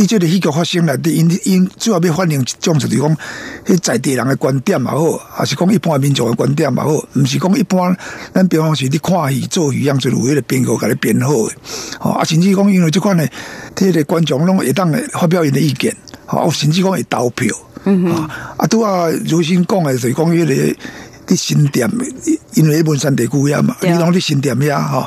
你即個戲劇發生來，的因因主要要反映一種就是講，迄在地人的觀點嘛好，還是講一般民眾的觀點嘛好，唔是講一般。咱比方是，你看戲做戲，樣子唯一個編劇改來編好。哦，啊甚至講因為即款呢，台的觀眾攏會當的發表人的意見。哦、啊，甚至講會投票。嗯哼。啊，都話如欣講的就是講、那個，因為啲新店，因為文山地區呀嘛，你講啲新店呀